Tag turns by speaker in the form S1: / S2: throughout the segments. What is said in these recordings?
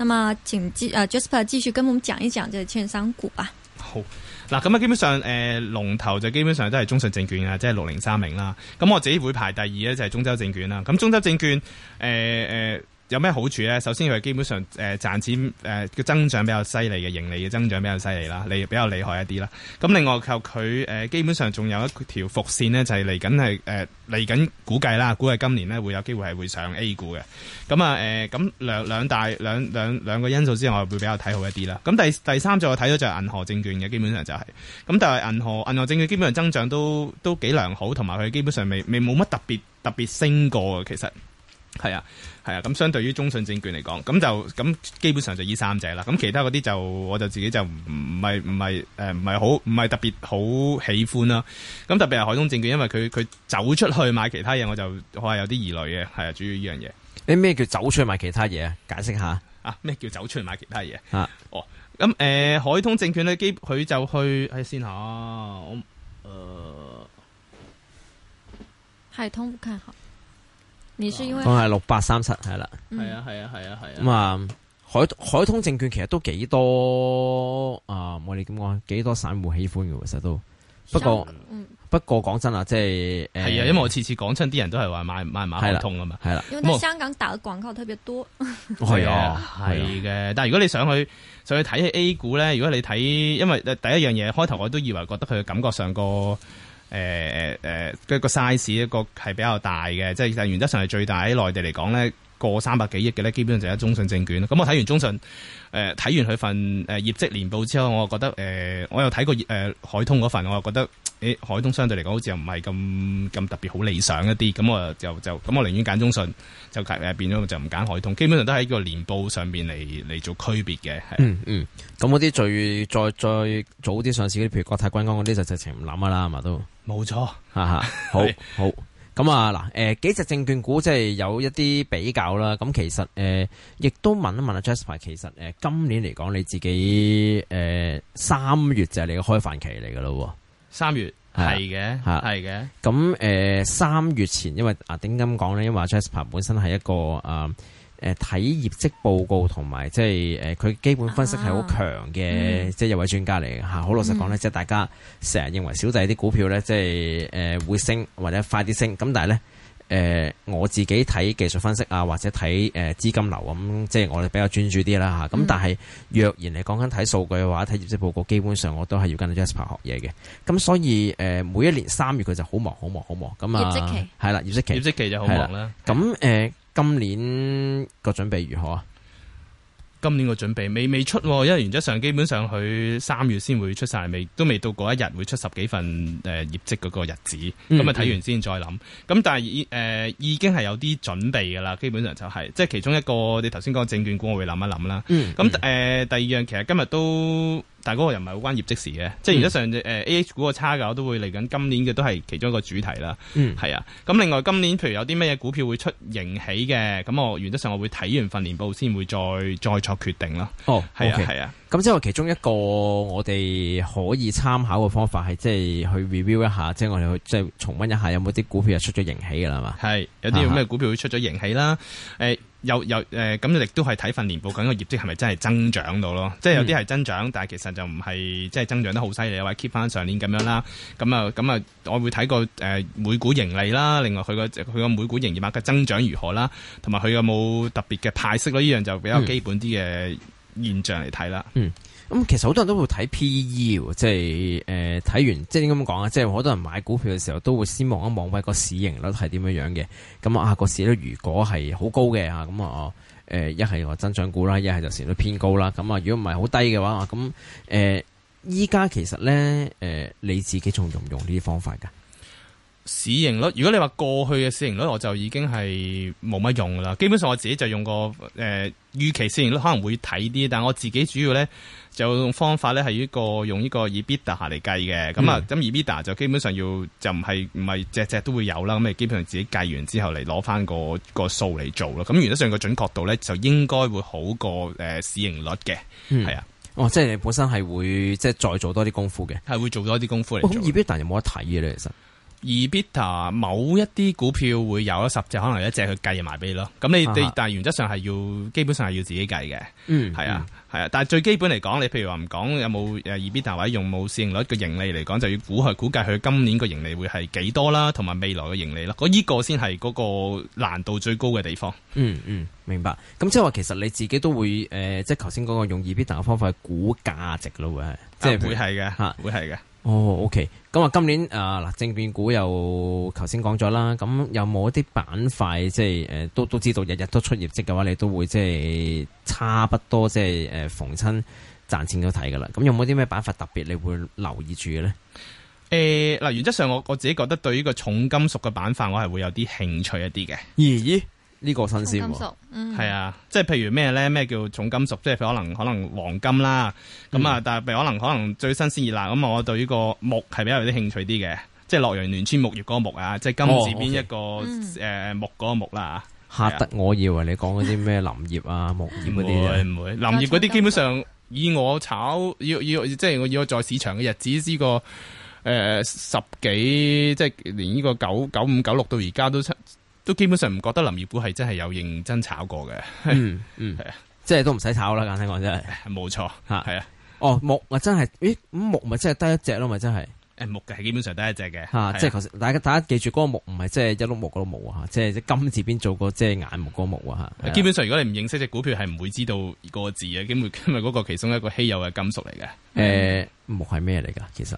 S1: 那麼請繼誒 Jasper 繼續跟我們講一講這券商股吧。
S2: 好，嗱咁啊，基本上誒龍、呃、頭就基本上都係中信證券啊，即係六零三名啦。咁我自己會排第二咧，就係、是、中州證券啦。咁中州證券誒誒。呃呃有咩好處咧？首先佢基本上誒、呃、賺錢誒嘅、呃、增長比較犀利嘅，盈利嘅增長比較犀利啦，利比較厲害一啲啦。咁另外靠佢誒基本上仲有一條伏線咧，就係嚟緊係誒嚟緊估計啦，估計今年咧會有機會係會上 A 股嘅。咁啊誒咁、呃、兩兩大兩兩兩個因素之外，我會比較睇好一啲啦。咁第第三就我睇到就係銀河證券嘅，基本上就係、是、咁。但係銀河銀河證券基本上增長都都幾良好，同埋佢基本上未未冇乜特別特別升過嘅其實。係啊，係啊，咁相對於中信證券嚟講，咁就咁基本上就依三隻啦。咁其他嗰啲就我就自己就唔唔係唔係誒唔係好唔係特別好喜歡啦。咁、啊、特別係海通證券，因為佢佢走出去買其他嘢，我就我係有啲疑慮嘅，係啊，主要呢樣嘢。你咩叫走出去買其他嘢啊？解釋下啊。啊，咩叫走出去買其他嘢啊？哦，咁誒、呃，海通證券咧基佢就去誒、哎，先哦，誒、啊，
S1: 海通、呃我係六
S3: 八三七係啦，係
S2: 啊係啊係啊係啊。咁啊，啊
S3: 啊嗯嗯、海海通證券其實都幾多啊，我哋咁講，幾多散戶喜歡嘅，其實都。不過、嗯、不過講真啊，即係係啊，因為
S2: 我次次講親啲人都係話買,買買買海通啊嘛，係啦、啊。因為香
S1: 港打廣告特別多。
S2: 係我啊係嘅、啊啊，但係如果你上去上去睇 A 股咧，如果你睇，因為第一樣嘢開頭我都以為覺得佢感覺上個。誒誒誒，一個 size 一個係比較大嘅，即係其實原則上係最大喺內地嚟講咧，過三百幾億嘅咧，基本上就係中信證券。咁我睇完中信，誒、呃、睇完佢份誒、呃、業績年報之後，我覺得誒、呃，我又睇過誒、呃、海通嗰份，我又覺得。誒、哎、海通相對嚟講，好似又唔係咁咁特別好理想一啲咁，我就就咁，我寧願揀中信就誒變咗就唔揀海通。基本上都喺個年報上邊嚟嚟做區別嘅，係嗯嗯。咁嗰啲最再再早啲上市嗰啲，譬如
S3: 國泰君安嗰啲，就直情唔諗啦，係嘛都冇錯嚇嚇。 好 是的 好咁啊嗱，誒幾隻證券股即係有一啲比較啦。咁其實誒亦、呃、都問一問,問,問啊，Jasper 其實誒今年嚟講你自己誒、呃、三月就係你嘅開飯期嚟㗎咯。
S2: 三月係嘅，係嘅的。
S3: 咁誒三月前，因為啊點解咁講呢，因為 Jasper 本身係一個啊誒睇業績報告同埋即係誒佢基本分析係好強嘅，即係有位專家嚟嘅嚇。好、啊嗯、老實講呢，即係、嗯、大家成日認為小弟啲股票呢，即係誒會升或者快啲升。咁但係呢。誒、呃、我自己睇技術分析啊，或者睇誒、呃、資金流咁、嗯，即係我哋比較專注啲啦嚇。咁、嗯、但係若然你講緊睇數據嘅話，睇業績報告，基本上我都係要跟 Jasper 學嘢嘅。咁所以誒、呃、每一年三月佢就好忙，好忙，好忙。咁啊，業績期係啦，業績期業績期就好忙啦。咁誒、呃、今年個準備如何啊？
S2: 今年個準備未未出，喔，因為原則上基本上佢三月先會出晒，未都未到嗰一日會出十幾份誒、呃、業績嗰個日子，咁啊睇完先再諗。咁、嗯、但係誒、呃、已經係有啲準備㗎啦，基本上就係、是、即係其中一個你頭先講證券股，我會諗一諗啦。咁誒第二樣其實今日都。但係嗰個又唔係好關業績事嘅，即係、嗯、原則上誒 A.H、嗯呃、股個差價我都會嚟緊今年嘅都係其中一個主題啦。嗯，係啊。咁另外今年譬如有啲咩股票會出盈喜嘅，咁我原則上我會睇完訓練報先會再再作決定啦。哦，係啊的，係啊 okay,
S3: 的。咁即係其中一個我哋可以參考
S2: 嘅方法係即係去 review 一下，即、就、係、是、我哋去即係、就是、重溫一下有冇啲股票係出咗盈喜嘅啦嘛。係，有啲咩股票會出咗盈喜啦？誒。 有有誒咁，亦都係睇份年報，咁個業績係咪真係增長到咯？即係有啲係增長，嗯、但係其實就唔係即係增長得好犀利，或者 keep 翻上年咁樣啦。咁啊，咁啊，我會睇個誒每股盈利啦，另外佢個佢個每股營業額嘅增長如何啦，同埋佢有冇特別嘅派息咯？呢樣就比較基本啲嘅現象嚟睇啦。嗯嗯
S3: 咁其實好多人都會睇 P/E，即係誒睇完，即係點咁講啊？即係好多人買股票嘅時候都會先望一望，喂，個市盈率係點樣樣嘅。咁啊，個市率如果係好高嘅嚇，咁啊誒一係話增長股啦，一係就市率偏高啦。咁啊，如果唔係好低嘅話，咁誒依家其實咧誒、啊、你自己仲用唔用呢啲
S2: 方法㗎？市盈率，如果你話過去嘅市盈率，我就已經係冇乜用噶啦。基本上我自己就用個誒、呃、預期市盈率可能會睇啲，但係我自己主要咧就用方法咧係呢個用呢個 EBITDA 嚟計嘅。咁啊、嗯，咁 EBITDA 就基本上要就唔係唔係只只都會有啦。咁你基本上自己計完之後嚟攞翻個個數嚟做咯。咁原則上個準確度咧就應該會好過誒市盈率嘅。係啊，哦，即係你本身係會即係再做多啲功夫嘅，係會做多啲功夫嚟。咁、哦、EBITDA 有冇得睇嘅咧？其實？EBITDA 某一啲股票會有一十隻，可能有一隻去計埋俾你咯。咁你你但係原則上係要，基本上係要自己計嘅。嗯，係啊的，係啊、嗯。但係最基本嚟講，你譬如話唔講有冇誒 EBITDA 或者用冇市盈率嘅盈利嚟講，就要估佢估計佢今年個盈利會係幾多啦，同埋未來嘅盈利咯。嗰、這、依個先係嗰個難度最高嘅地方。
S3: 嗯嗯，
S2: 明白。咁即係話其實你自己都會
S3: 誒、呃，即係頭先講嘅用 EBITDA 嘅方法去估價值咯，啊、會係即係會係嘅嚇，會係嘅。哦、oh，OK，咁啊，今年啊，嗱，證券股又，頭先講咗啦，咁有冇一啲板塊，即係誒，都都知道日日都出業績嘅話，你都會即係差不多即係誒、呃，逢親賺錢都睇噶啦，咁有冇啲咩板塊特別你會留意住
S2: 嘅咧？誒，嗱，原則上我我自己覺得對於個重金屬嘅板塊，我係會有啲興趣一啲嘅。咦？呢個新鮮喎、啊，係、嗯、啊，即係譬如咩咧？咩叫重金屬？即係可能可能黃金啦，咁啊，但係可能可能最新鮮熱辣咁，嗯、我對呢個木係比較有啲興趣啲嘅、就是，即係《洛陽聯村木業嗰個木啊，即係金字邊一個誒木嗰個木啦
S3: 嚇！哦、我以為你講嗰啲咩林業啊、 木業嗰啲唔會，唔
S2: 會，林業嗰啲基本上以我炒要要，即係我要在市場嘅日子之、這個誒、呃、十幾，即係連呢、這個九九五九六到而家都七。都基本上唔覺得林業股係真係有認真炒過嘅，係、嗯嗯、啊，即係都唔使炒啦，聽講真係，冇錯吓，係啊。啊哦，木，我真係，咦，木咪真係得一隻咯，咪真係？誒，木嘅係基本上得一隻嘅，吓、啊啊，即係
S3: 大家大家記住嗰、那個木唔係即係一碌木嗰碌木啊，即係金字邊做過即係眼木嗰木啊。基本
S2: 上如果你唔認識隻股票，係唔會知道個字嘅，因為嗰個其中一個稀有嘅金屬嚟嘅。誒、嗯，
S3: 嗯、木係咩嚟噶？其實？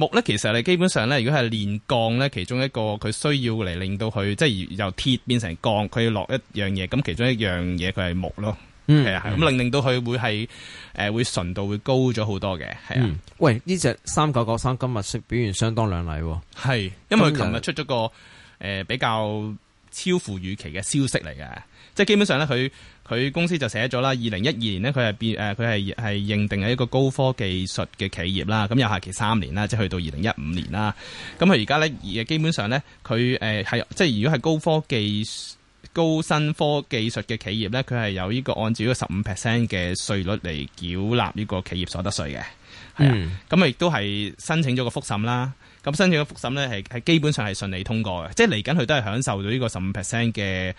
S2: 木咧，其實你基本上咧，如果係煉鋼咧，其中一個佢需要嚟，令到佢，即係由鐵變成鋼，佢要落一樣嘢，咁其中一樣嘢佢係木咯，係啊、嗯，咁令令到佢會係誒、呃、會純度會高咗好多嘅，係啊、嗯。喂，呢隻三九九三今日升表現相當靚麗，係，因為佢琴日出咗個誒、呃、比較。超乎預期嘅消息嚟嘅，即係基本上咧，佢佢公司就寫咗啦。二零一二年咧，佢係變誒，佢係係認定係一個高科技術嘅企業啦。咁又下期三年啦，即係去到二零一五年啦。咁佢而家咧，亦基本上咧，佢誒係即係如果係高科技、高新科技術嘅企業咧，佢係有呢個按照十五 percent 嘅稅率嚟繳納呢個企業所得稅嘅。係啊，咁啊亦都係申請咗個復審啦。咁申請嘅復審咧，係係基本上係順利通過嘅，即係嚟緊佢都係享受到呢個十五 percent 嘅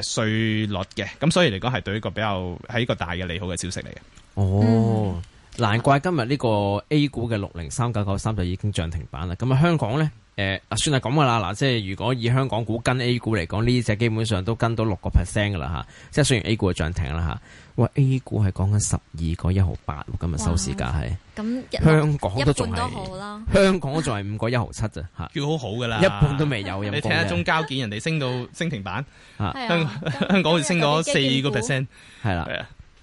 S2: 誒稅率嘅，咁所以嚟講係對一個比較係一個大嘅利好嘅消息嚟
S3: 嘅。哦。嗯
S2: 難怪今日呢個 A 股嘅六零
S3: 三九九三就已經漲停板啦！咁啊香港咧，誒、欸、算係咁噶啦嗱，即係如果以香港股跟 A 股嚟講，呢隻基本上都跟到六個 percent 噶啦吓，即係雖然 A 股嘅漲停啦吓，喂 A 股係講緊十二個一毫八，今日收市價係，咁、嗯、香港都仲係，
S2: 香港都仲係五個一毫七啫吓，叫好好噶啦，一半都未有， 你睇下中交建人哋升到升停板，香、 啊、香港升咗四個 percent，係啦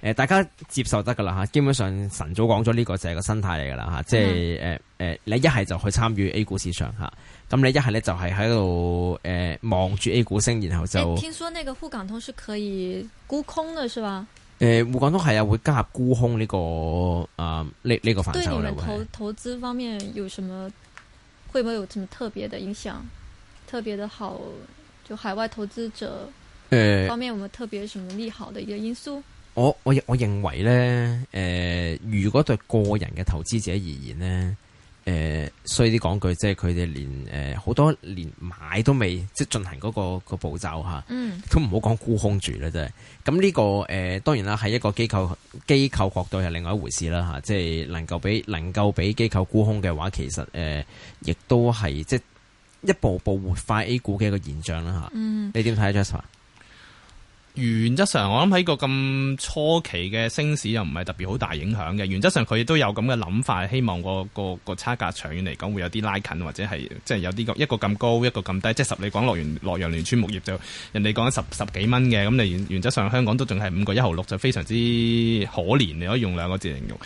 S3: 誒，大家接受得噶啦吓，基本上晨早講咗呢個就係個心態嚟噶啦吓，即係誒誒，你一係就去參與 A 股市場吓，咁你一係咧就係喺度誒望住 A 股升，然後就。欸、聽
S1: 說那個滬港通是可以沽空嘅，是吧？
S3: 誒、呃，滬港通係啊，會加入沽空呢、這個啊呢呢、這個範疇、這個、對你們投
S1: 是投資方面有什麼，會唔會有什麼特別嘅影響？特別的好，就海外投資者誒方面，有冇特別什麼利好的一個因素？
S3: 我我我認為咧，誒、呃，如果對個人嘅投資者而言咧，誒、呃，衰啲講句，即係佢哋連誒好、呃、多連買都未，即係進行嗰、那個、那個步驟嚇，嗯、都唔好講沽空住啦，真係。咁呢、這個誒、呃，當然啦，喺一個機構機構角度係另外一回事啦嚇，即係能夠俾能夠俾機構沽空嘅話，其實誒、呃，亦都係即係一步步活化 A 股嘅一個現象
S2: 啦嚇。嗯、你點睇啊，Jasper？原則上，我諗喺個咁初期嘅升市又唔係特別好大影響嘅。原則上，佢都有咁嘅諗法，希望個個個差價長遠嚟講會有啲拉近，或者係即係有啲個一個咁高一個咁低。即係十里，你講落完洛陽連村木業就人哋講緊十十幾蚊嘅，咁你原原則上香港都仲係五個一毫六，就非常之可憐，你可以用兩個字形容。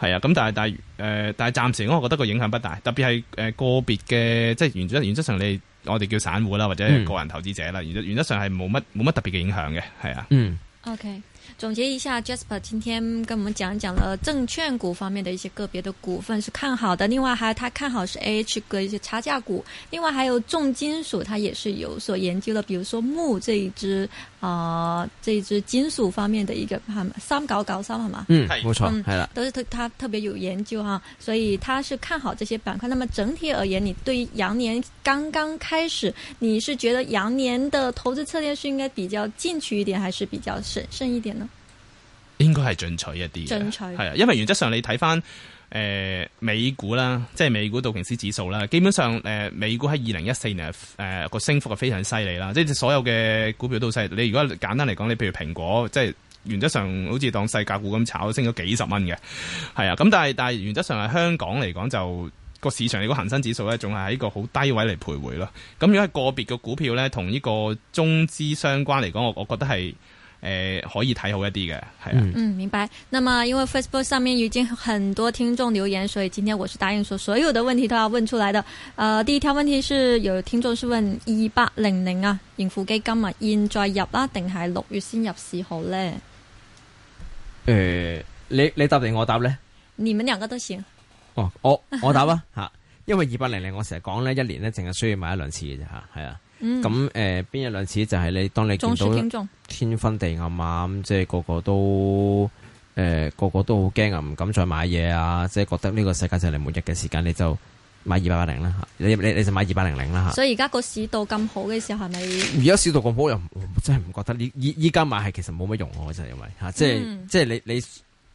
S2: 係啊，咁但係但係誒，但係、呃、暫時我覺得個影響不大，特別係誒個別嘅，即係原則原則上你。我哋叫散戶啦，或者個人投資者啦，嗯、原則原則上係冇乜冇乜特別嘅影響嘅，係啊。嗯
S1: ，OK，總結一下，Jasper 今天跟我們講一講了證券股方面的一些個別的股份是看好的，另外還有他看好是 AH 股一些差價股，另外還有重金屬，他也是有所研究的，比如說鉬這一隻。啊、呃，這隻金屬方面的一個三九九三嘛嘛，3 3, 嗯，冇
S3: 錯，係啦、嗯，是的都
S1: 是他，他特別有研究哈，所以他是看好這些板塊。那麼整體而言，你對於羊年剛剛開始，你是覺得羊年的投資策略是應該比較進取一點，還是比較審慎一點呢？
S2: 應該係進取一啲，進取係啊，因為原則上你睇翻。誒、呃、美股啦，即係美股道瓊斯指數啦，基本上誒、呃、美股喺二零一四年誒個、呃、升幅係非常犀利啦，即係所有嘅股票都犀利，你如果簡單嚟講，你譬如蘋果，即係原則上好似當細價股咁炒，升咗幾十蚊嘅，係啊，咁但係但係原則上係香港嚟講就個市場，你講恆生指數咧，仲係喺個好低位嚟徘徊咯。咁如果係個別嘅股票咧，同呢個中資相關嚟講，我我覺得係。誒、呃，可以睇好一啲嘅，係啊。
S1: 嗯，明白。那麼因為 Facebook 上面已經很多聽眾留言，所以今天我是答應說，所有的問題都要問出來的。誒、呃，第一條問題是有聽眾是問二八零零啊，盈富基金啊，現在入啊定係六月先入市好咧？誒、呃，
S3: 你你答定我答咧？
S1: 你們兩個都行。哦，
S3: 我我答啊吓， 因為二八零零我成日講咧，一年咧淨係需要買一兩次嘅啫吓，係啊。咁誒，邊、嗯呃、一兩次就係、是、你當你見到天昏地暗啊，即係個個都誒、呃，個個都好驚啊，唔敢再買嘢啊，即係覺得呢個世界就嚟末日嘅時間，你就買二百八零啦，你你你就買二百零零啦吓。所以
S1: 而家個市道咁好嘅時候是是，係
S3: 咪？而家市道咁好又真係唔覺得，依依依家買係其實冇乜用，我真係因為吓，即係、嗯、即係你你。你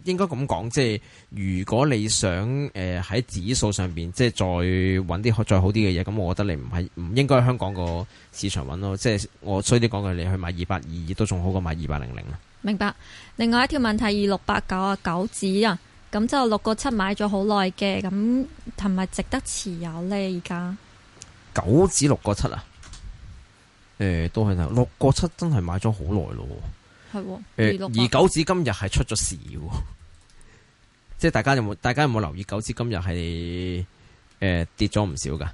S3: 應該咁講，即係如果你想誒喺、呃、指數上邊，即係再揾啲再好啲嘅嘢，咁我覺得你唔係唔應該喺香港個市場揾咯。即係我衰啲講句，你去買二八二二都仲好過買二八零零啦。
S1: 明白。另外一條問題，二六八九啊，九指啊，咁就六個七買咗好耐嘅，咁係咪值得持有呢？而家
S3: 九指六個七啊？誒，都係六個七真係買咗好耐咯。
S1: 係、哦。誒、欸，六而九
S3: 指今日係出咗事。即係大家有冇？大家有冇留意？九市今日係誒跌咗唔少噶。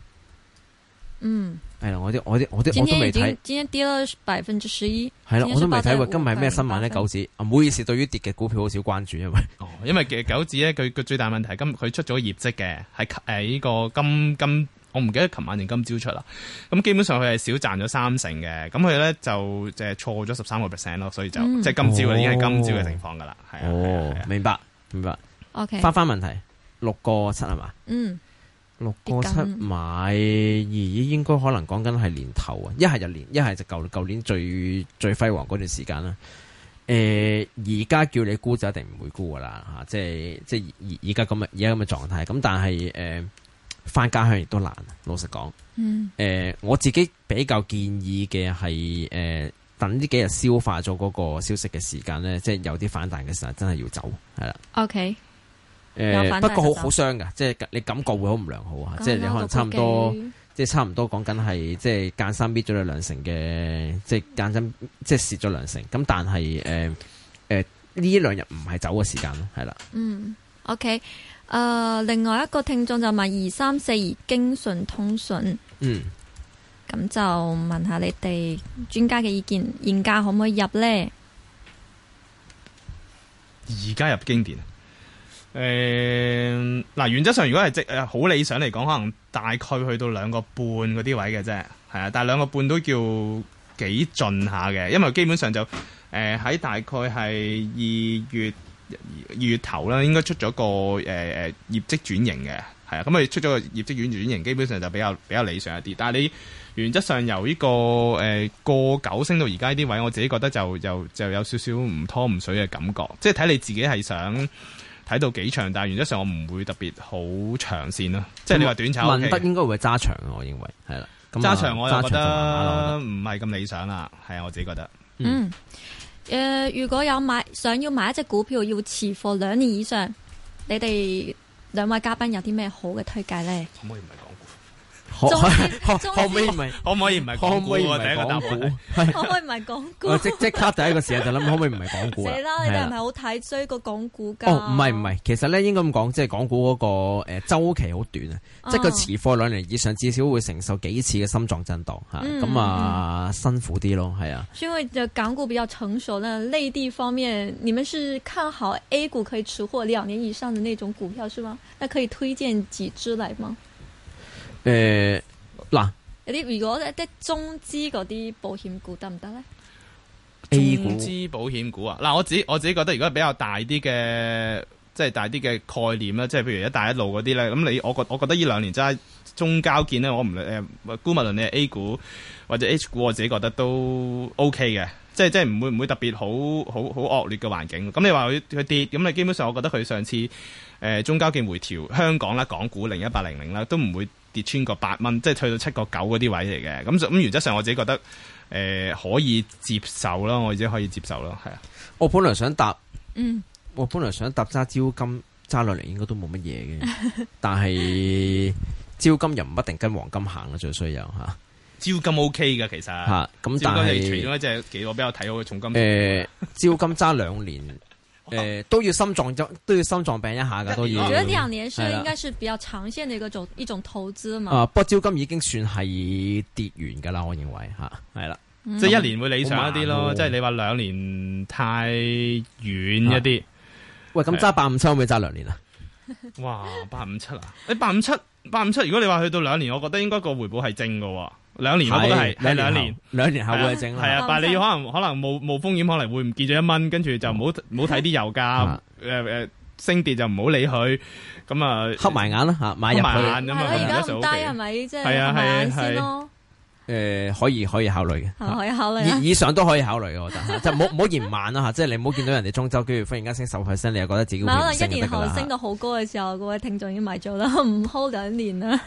S3: 嗯。係啦，我啲我啲我啲我都未睇。
S1: 今日跌咗百分之十一。係啦，我都未睇喎。今日係咩新聞咧？九
S2: 市唔好意思，對於跌嘅股票好少關注，因為哦，因為嘅狗市咧，佢個最大問題係今佢出咗業績嘅，喺誒呢個今今我唔記得琴晚定今朝出啦。咁基本上佢係少賺咗三成嘅。咁佢咧就即係錯咗十三個 percent 咯。所以就即係今朝已經係今朝嘅情況噶啦。係啊。明白，明白。翻翻 Okay. 問題，六個七係嘛？嗯，
S3: 六個七買二，應該可能講緊係年頭啊，一係就年，一係就舊舊年最最輝煌嗰段時間啦。誒、呃，而家叫你沽就一定唔會沽噶啦吓，即係即係而、呃、家咁嘅而家咁嘅狀態。咁但係誒，返家鄉亦都難。老實講，嗯，誒、呃，我自己比較建議嘅係誒，等呢幾日消化咗嗰個消息嘅時間咧，即係有啲反彈嘅時候，真係要走係啦。O K。誒，不過好好傷噶即係你感覺會好唔良好啊！即係你可能差唔多，即係底差唔多講緊係，即係間三跌咗兩成嘅，即係間三，即係蝕咗兩成。咁但係誒誒呢兩日唔係走嘅時間咯，係啦。嗯
S1: ，OK，誒、呃，另外一個聽眾就、嗯、就問二三四二京信通信，嗯，咁就問下你哋專家嘅意見，現價可唔可以入呢？
S2: 而家入經典。誒，嗱、呃，原則上如果係即誒好理想嚟講，可能大概去到兩個半嗰啲位嘅啫，係啊，但係兩個半都叫幾盡下嘅，因為基本上就誒喺、呃、大概係二月二月頭啦，應該出咗個誒誒、呃、業績轉型嘅，係啊，咁、嗯、佢出咗個業績轉轉型，基本上就比較比較理想一啲。但係你原則上由呢、這個誒過、呃、九升到而家呢啲位，我自己覺得就又就，就，就有少少唔拖唔水嘅感覺，即係睇你自己係想。睇到幾長，但係原則上我唔會特別好長線咯，即係你話短炒。萬德應該會揸長我認為係啦。揸長，我覺，長我覺得唔係咁理想啦，係啊，我自己覺得。
S1: 嗯，誒，呃，如果有買想要買一隻股票要持貨兩年以上，你哋兩位嘉賓有啲咩好嘅推介咧？
S3: 可唔可以唔係
S2: 講？ 可可可可唔可以唔係港股啊？第一個答可唔可以唔係
S3: 港股？我即即刻第一個時間就諗可唔可以唔係港股啊？死啦！你哋唔係好
S1: 睇衰個港股噶？ 哦，
S3: 唔係唔係，其實咧應該咁講，即係港股嗰，那個誒、呃、週期好短啊，即係個持貨兩年以上至少會承受幾次嘅心臟震盪吓，咁啊、嗯、啊辛苦啲咯，係啊。
S1: 因為嘅港股比較成熟啦。內地方面，你們是看好 A 股可以持貨兩年以上嘅那種股票是嗎？那可以推薦幾支來嗎？
S2: 誒，
S3: 嗱、
S1: 呃，啲如果一啲中資嗰啲保險股得唔得呢
S2: ？A 股中資保險股啊，嗱、啊，我自己我自己覺得，如果比較大啲嘅，即、就、係、是、大啲嘅概念啦，即係譬如一帶一路嗰啲呢。咁你我覺我覺得呢兩年真係中交建呢，我唔誒，沽物輪你 A 股或者 H 股，我自己覺得都 OK 嘅，即係即係唔會唔會特別好好好惡劣嘅環境。咁你話佢佢跌，咁你基本上我覺得佢上次誒、呃、中交建回調香港啦，港股零一八零零啦，都唔會。跌穿個八蚊，即係退到七個九嗰啲位嚟嘅，咁、嗯、咁原則上我自己覺得誒、呃、可以接受咯，我自己可以接受咯，係啊。我本來想搭，嗯、
S3: 我本來想搭揸招金揸兩年應該都冇乜嘢嘅，但係 招金又唔一定跟黃金行啦，最需要。嚇、啊。
S2: 招金 O K 嘅其實，招、啊
S3: 嗯、金係其中
S2: 一隻幾我比較睇好嘅重金。誒，
S3: 招金揸兩年。啊呃 誒、呃，都要心臟，都要心臟病一下噶，年都要。我覺得呢兩年是了應該
S1: 是比較長線嘅一個種一種投資嘛。啊，
S3: 不，招金已經算係跌完噶啦，我認為吓，係啦，嗯、
S2: 即係一年會理想一啲咯，嗯、即係你話兩年太遠一啲，啊。喂，咁揸八五七會唔會揸兩年啊？哇，八五七啊！欸、85 7, 85 7你八五七，八五七，如果你話去到兩年，我覺得應該個回報係正嘅，兩年我覺得係，兩兩年兩年後會係正，係 啊聲，但係你要可能可能冇冇風險，可能會唔見咗一蚊，跟住就唔好唔好睇啲油價，誒誒、 uh, 升跌，就唔好理佢，咁啊 黑埋、uh, 眼啦吓，買入去，係咯，而 家咁低係
S1: 咪即係買眼先咯？
S2: 誒、呃，可以可以考慮
S1: 嘅，可以考慮。以
S3: 以上都可以考慮，考慮 我覺得，就唔好唔好延慢啦、啊、吓， 即係你唔好見到人哋中周跟住忽然間升十 percent 你又覺得自己會升得更 一年後升到
S1: 好高嘅時候，各位聽眾已經買咗啦，唔好 o 兩年啦。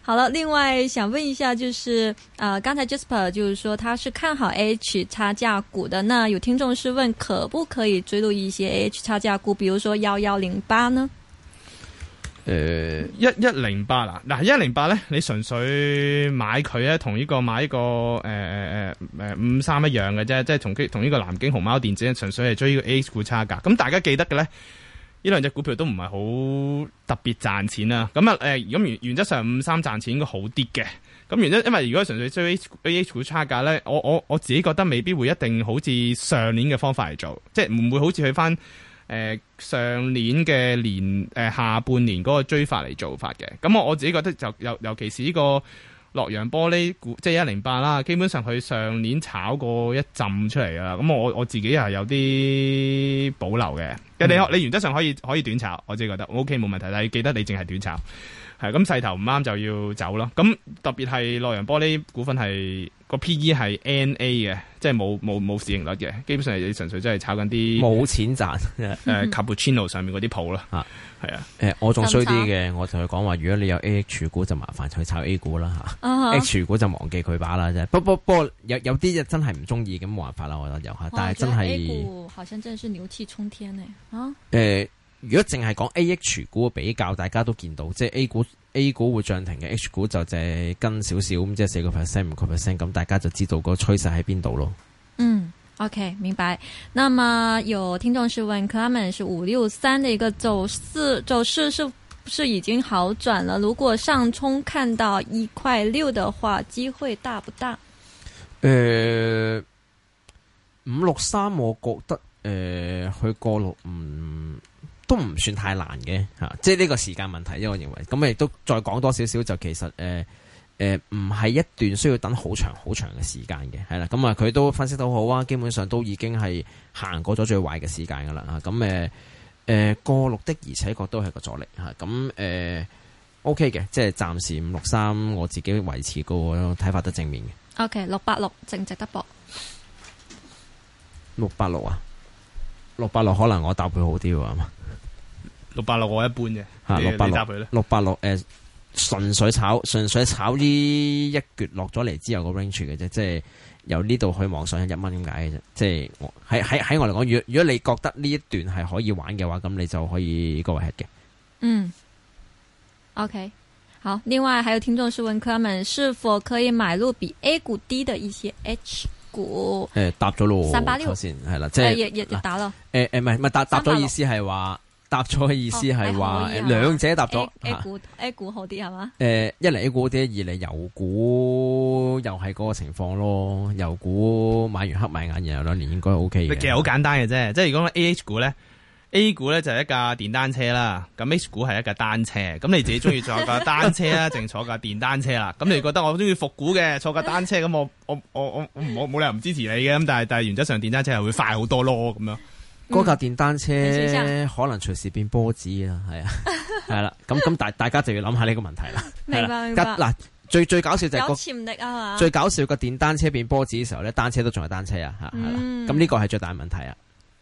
S1: 好了，另外想問一下，就是啊，剛、呃、才 Jasper 就是說他是看好 H 差價股的，那有聽眾是問可不可以追到一些 H 差價股，比如說幺幺零八呢？
S2: 誒，一一零八啊，嗱一零八咧，你純粹買佢咧，同呢個買呢個誒誒誒誒五三一樣嘅啫，即係同同呢個南京熊貓電子純粹係追呢個 A 股差價。咁大家記得嘅咧，呢兩隻股票都唔係好特別賺錢啊。咁啊誒，咁、呃、原原則上五三賺錢應該好啲嘅。咁原因因為如果純粹追 A A 股差價咧，我我我自己覺得未必會一定好似上年嘅方法嚟做，即係唔會好似去翻。誒、呃、上年嘅年誒、呃、下半年嗰個追發嚟做法嘅，咁我我自己覺得就尤尤其是呢個洛陽玻璃股，即係一零八啦，基本上佢上年炒過一浸出嚟㗎啦，咁我我我自己係有啲保留嘅。你你原則上可以可以短炒，我自己覺得 O K 冇問題。但係記得你淨係短炒，係咁勢頭唔啱就要走咯。咁特別係洛陽玻璃股份係個 P E 係 N A 嘅，即係冇冇冇市盈率嘅，基本上你純粹真係炒緊啲冇錢賺。
S3: 誒 c a p
S2: c h i n o 上面嗰啲鋪咯，啊係啊。誒我仲衰啲嘅，我同佢講話，如果
S3: 你有 A H 股就麻煩就去炒 A 股啦嚇。A、嗯、哼 H 股就忘記佢把啦啫。不過不過有有啲真係唔中意咁冇辦法啦，我覺得有嚇。但係真係。股
S1: 好像真是牛氣沖天呢～
S3: 誒、呃，如果淨係講 A H 股嘅比較，大家都見到，即係 A 股 A 股會漲停嘅，H 股就淨係跟少少，咁即係四個 percent、五個 percent，咁大家就知道個趨勢喺邊度咯。嗯
S1: ，OK，明白。那麼有聽眾是問，Clarence 是五六三嘅一個走勢，走勢是不是已經好轉了？如果上衝看到一塊六的話，機會大不大？
S3: 誒、呃，五六三，我覺得。誒、呃，去過六唔、嗯、都唔算太難嘅吓、啊，即係呢個時間問題啫。我認為咁，亦都再講多少少就其實誒誒，唔、啊、係、啊啊、一段需要等好長好長嘅時間嘅，係啦。咁、嗯、啊，佢都分析得好啊，基本上都已經係行過咗最壞嘅時間噶啦。咁誒誒，過六的而且確都係個阻力吓。咁誒，O K 嘅，即係暫時五六三，我自己維持個睇法，得正面
S1: 嘅。O K，六八六正值得博，
S3: 六八六啊。六百六可能我搭配好啲喎，六百六我一
S2: 般啫。吓、啊、你六百六。
S3: 六百六誒，純、呃、粹炒，純粹炒呢一段落咗嚟之後個 range 嘅啫，即係由呢度去網上一蚊咁解嘅啫。即係我喺喺喺我嚟講，如如果你覺得呢一段係可以玩嘅話，咁你就可以個位 hit 嘅。嗯
S1: ，OK，好。另外，還有聽眾是問 Colin 是否可以買入比 A 股低的一些 H？股，
S3: 誒、欸，搭咗咯，首先係啦，即係，日、欸欸欸、打咯，誒，誒，唔係，唔係，搭，搭咗意思係話，搭咗嘅意思係話，兩、哦、者搭咗 A 股，A
S1: 股好啲係嘛？
S3: 誒，欸、一嚟 A 股啲，二嚟油股又係嗰個情況咯，油股買完黑埋眼，然後兩年應該 O K。其實
S2: 好簡單嘅啫，即係如果 A H 股咧。A 股咧就係一架電單車啦，咁 H 股係一架單車，咁你自己中意坐架單車啊，定 坐架電單車啦？咁你覺得我中意復古嘅坐架單車，咁我我我我我冇理由唔支持你嘅，咁但係但係原則上電單車係會快好多咯，咁樣。
S3: 嗰、嗯、架電單車
S2: 可能隨時變波子啊，係啊， 係啦，咁咁大大家就要諗下
S3: 呢個問題啦 了。明白。嗱，最最搞笑就係個潛
S1: 力啊嘛。最
S3: 搞笑個電單車變波子嘅時候咧，單車都仲係單車啊，吓係啦。咁呢、嗯、個係最大問題啊。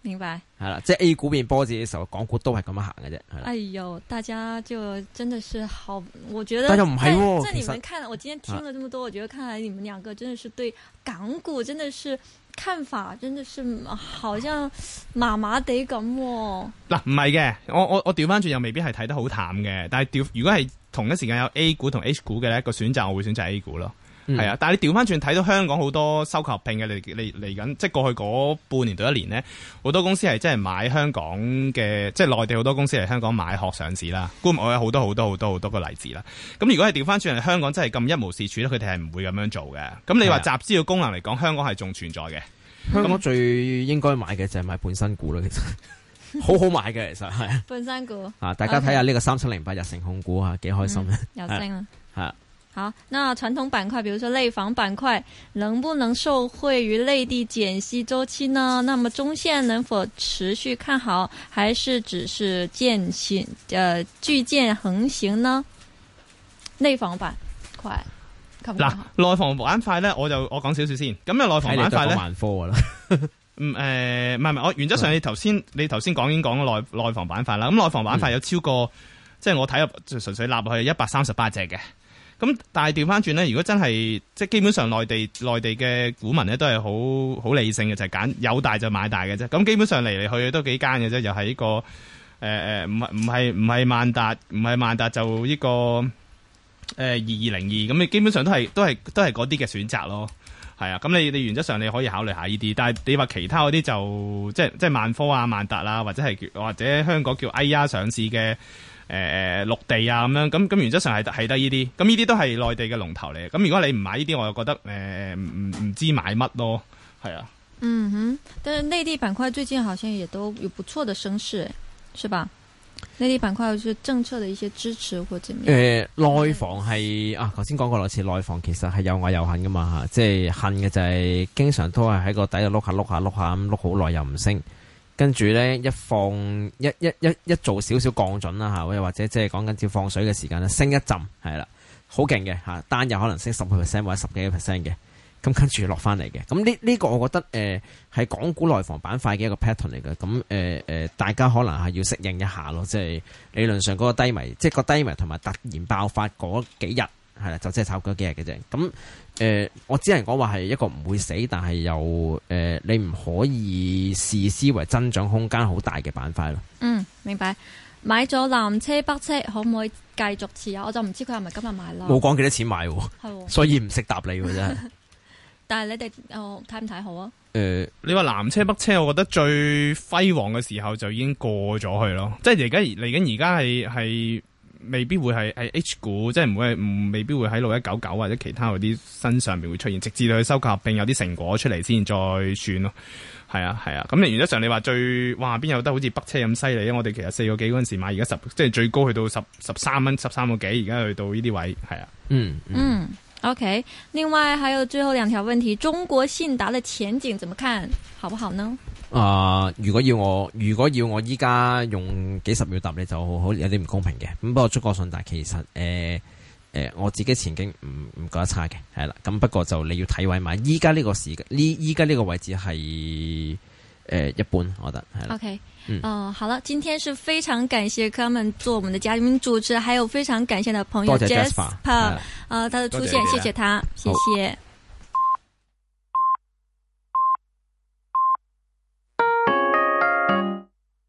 S3: 明白，係啦，即係 A 股變波子嘅時候，港股都係咁樣行嘅啫。係啦。哎
S1: 呦，大家就真的是好，我覺得。哦、但係又唔係你們看，實我今天聽了這麼多，我覺得看來你們兩個真的是對港股，真的是看法，真的是好像麻麻哋咁。嗱、
S2: 啊，唔係嘅，我我我調翻轉又未必係睇得好淡嘅。但係調，如果係同一時間有 A 股同 H 股嘅咧，一個選擇我會選擇 A 股咯。係啊，嗯、但係你調翻轉睇到香港好多收購合併嘅，你嚟嚟緊，即係過去半年到一年咧，好多公司係真係買香港嘅，即係內地好多公司嚟香港買殼上市啦。觀我有好多好多好多好多個例子啦。咁如果係調翻轉嚟香港真係咁一無是處咧，佢哋係唔會咁樣做嘅。咁你話集資嘅功能嚟講，香港係仲存在嘅。咁我、嗯、最應該買嘅就係買半新股啦，其實
S3: 好好買嘅，其實係半新股啊！大家睇下呢個三七零八日成控股啊，幾開心啊！又、嗯、 升啊！係。
S1: 好，那傳統板塊，比如說內房板塊，能不能受惠於內地減息周期呢？那麼中線能否持續看好，還是只是漸行，呃，巨漸橫行呢？內房板塊，嗱，
S2: 內房板塊咧，我就我講少少先，咁啊，內房板塊咧，萬科啦，唔，誒，唔係唔係，我原則上你頭先，你頭先講已經講內內房板塊啦，咁內房板塊有超過，嗯、即係我睇，就純粹納落去一百三十八隻嘅。咁但係調翻轉咧，如果真係即係基本上內地內地嘅股民咧，都係好好理性嘅，就係、是、揀有大就買大嘅啫。咁基本上嚟嚟去去都幾間嘅啫，又係呢個誒誒，唔係唔係唔係萬達，唔係萬達就呢、這個誒二二零二，咁、呃、你基本上都係都係都係嗰啲嘅選擇咯。係啊，咁你你原則上你可以考慮下呢啲，但係你話其他嗰啲就即係即係萬科啊、萬達啊，或者係或者香港叫哎呀上市嘅誒綠地啊咁樣，咁咁原則上係係得呢啲，咁呢啲都係內地嘅龍頭嚟嘅，咁如果你唔買呢啲，我又覺得誒唔唔知買乜咯，係啊。
S1: 嗯哼，但係內地板塊最近好像也都有不錯的升勢，誒，是吧？呢啲板塊有啲政策嘅一些支持或者咩？誒、呃，
S3: 內房係啊，頭先講過類似內房，其實係又愛又恨噶嘛吓，啊，即係恨嘅就係、是，經常都係喺個底度碌下碌下碌下咁碌好耐又唔升，跟住呢，一放一一一一做少少降準啦，吓，啊，或者即係講緊照放水嘅時間咧升一浸係啦，好勁嘅吓，單日可能升十個 percent 或者十幾個 percent 嘅。咁跟住落翻嚟嘅，咁呢呢個我覺得誒係、呃，港股內房板塊嘅一個 pattern 嚟嘅，咁誒誒大家可能係要適應一下咯，即係理論上嗰個低迷，即係個低迷同埋突然爆發嗰幾日係啦，就即係炒嗰幾日嘅啫。咁、呃、誒，我只能講話係一個唔會死，但係又誒、呃、你唔可以視之為增長空間好大嘅板塊咯。嗯，
S1: 明白。買咗南車北車可唔可以繼續持有？我就唔知佢係咪今日買咯。冇
S2: 講幾多錢買，係， 所以唔識答你嘅啫。
S1: 但係你哋睇唔睇好啊？
S2: 誒、嗯，你話南車北車，我覺得最輝煌嘅時候就已經過咗去咯。即係而家嚟緊，而家係係未必會係係 H 股，即係唔會唔未必會喺六一九九或者其他嗰啲身上面會出現，直至到去收購合併有啲成果出嚟，先再算咯。係啊係啊，咁、啊、原則上你話最哇邊有得好似北車咁犀利啊？我哋其實四個幾嗰陣時買，而家十即係最高去到十十三蚊十三個幾，而家去到呢啲位係啊。嗯嗯。嗯
S1: 嗯 OK，另外還有最後兩條問題，中國信達的前景怎麼看好不好呢？
S3: 啊、呃，如果要我，如果要我依家用幾十秒答你就好，好有啲唔公平嘅。咁不過中國信達其實誒誒、呃呃，我自己前景唔唔覺得差嘅，係啦。咁不過就你要睇位嘛，依家呢個市，呢依家呢個位置係誒、呃、一般，我覺得係。嗯、 哦，
S1: 好了，今天是非常感謝 Carmen 他們做我們的嘉賓主持，還有非常感謝的朋友 Jasper，、嗯、啊、呃，他的出現，謝，啊、謝謝他，好謝謝。